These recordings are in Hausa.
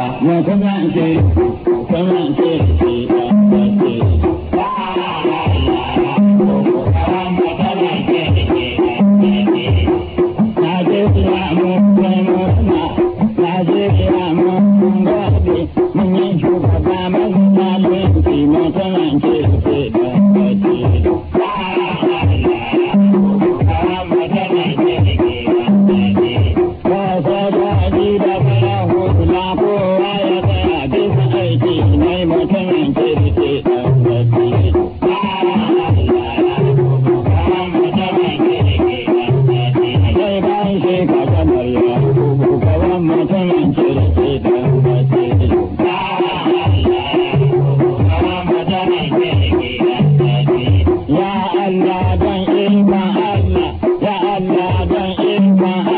我充满希望，充满 Ya Allah dan ilma Allah, Ya Allah dan ilma Allah.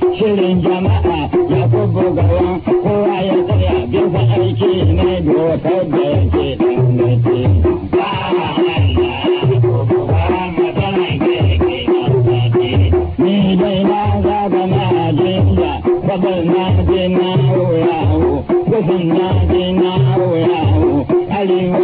shirin jama'a ya guggugawa kowa ya tsaya bisa aiki na dokar da yake ɗangace. Ni dai na zaga ma'ajinda, kwabar na je na yawo yawo, kusan na je na yawo yawo, arewa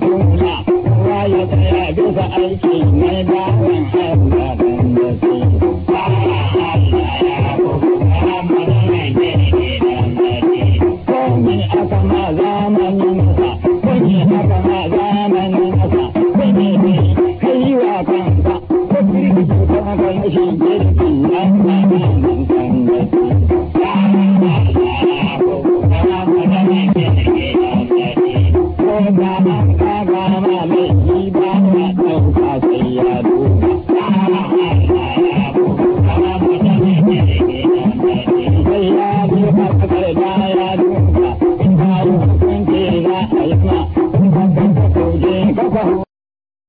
suna ba ya tsaya bisa aiki na damin haɗa don da su ba ya Allah ya rabu ramar mai gani don da ne komin aka ma masa masa ko kirki ya